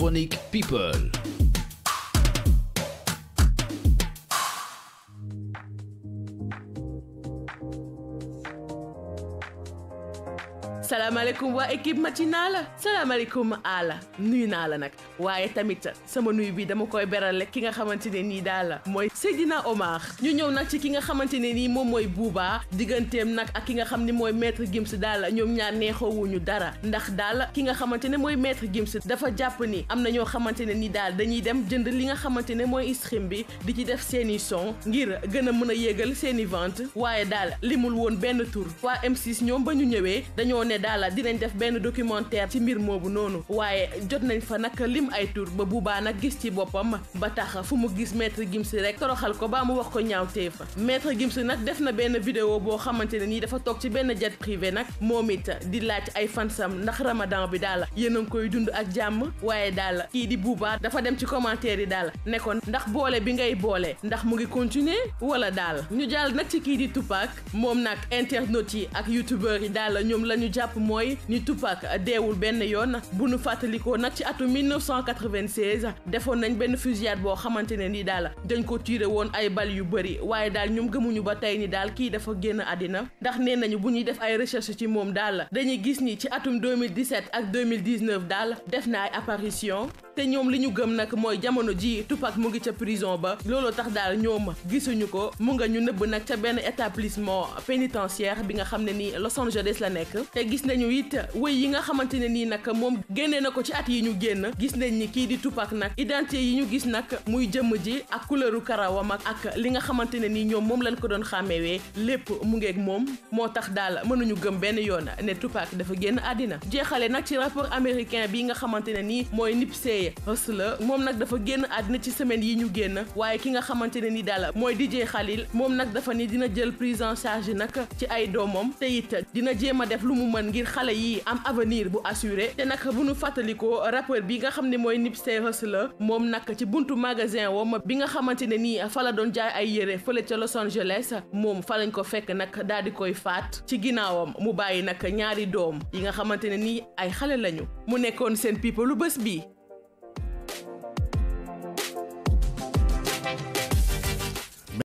Chronique People. salaamaaleykum waa naa la salaamaaleykum Alla nuyu naa la nag waaye tamit sama nuyu bii dama koy berale ki nga xamante ne nii daal mooy Seydina Omar ñu ñëw nag ci ki nga xamante ne nii moom mooy Bouba digganteem nag ak ki nga xam ni mooy maître Gims daal ñoom ñaar neexoowuñu dara ndax daal ki nga xamante ne mooy maître Gims dafa jàpp ni am na ñoo xamante ne nii daal dañuy dem jënd li nga xamante ne mooy stream bi di ci def seeni son ngir gën a mën a yéegal seeni vente waaye daal limul woon benn tur ñoom ba ñu ñëwee daal dinañ def benn documentaire ci mbir moobu noonu waaye jot nañ fa nag lim ay tur ba buubaa nag gis ci boppam ba tax fu mu gis maître Gims rek toroxal ko baa mu wax ko ñaaw téef maître Gims nag def na benn vidéo boo xamante ne nii dafa toog ci benn jat privé nag moom it di laaj ay fansam ndax ramadan bi daal yéen a ngi koy dund ak jàmm waaye daal kii di buubaa dafa dem ci commentaire yi daal ne ko ndax boole bi ngay boole ndax mu ngi continuer wala daal ñu jàll nag ci kii di Tupac moom nag internautes yi ak youtubeurs yi daal Moi, mooy ni Tupac déwul ben yoon bu ñu ci 1996 defon nañ ben fusillade Nous xamantene ne ni dal dañ ko tiire won ay bal yu bari waye dal ñum gëmuñu ba tay ni dal ki dafa génn ndax ay ci dañuy ni ci atum 2017 ak 2019 Dal. def apparition te ñoom li ñu gëm nag mooy jamono ji Tupac mu ngi ca prison ba looloo tax daal ñoom gisuñu ko mu nga ñu nëbb nag ca benn établissement pénitentiaire bi nga xam ne nii Los Angeles la nekk te gis nañu it wéy yi nga xamante ne nii nag moom génnee na ko ci at yi ñu génn gis nañ ni kii di tuppaak nag identité yi ñu gis nag muy jëmm ji ak couleuru karawam ak li nga xamante ne nii ñoom moom lañ ko doon xàmmewee lépp mu ngeeg moom moo tax daal mënuñu gëm benn yoon ne Tupac génn àddina jeexale Seye Hustler moom nag dafa génn àddina ci semaine yi ñu génn waaye ki nga xamante ne ni daal mooy DJ Khalil moom nag dafa ni dina jël prise en charge nag ci ay doomam te it dina jéem a def lu mu mën ngir xale yi am avenir bu assuré te nag bu nu fàttalikoo rappeur bi nga xam ne mooy Nip Seye Hustler moom nag ci buntu magasin wom bi nga xamante ne nii fa doon jaay ay yére fële ca Los Angeles moom fa lañ ko fekk nag daal di koy faat ci ginnaawam mu bàyyi nag ñaari doom yi nga xamante ne nii ay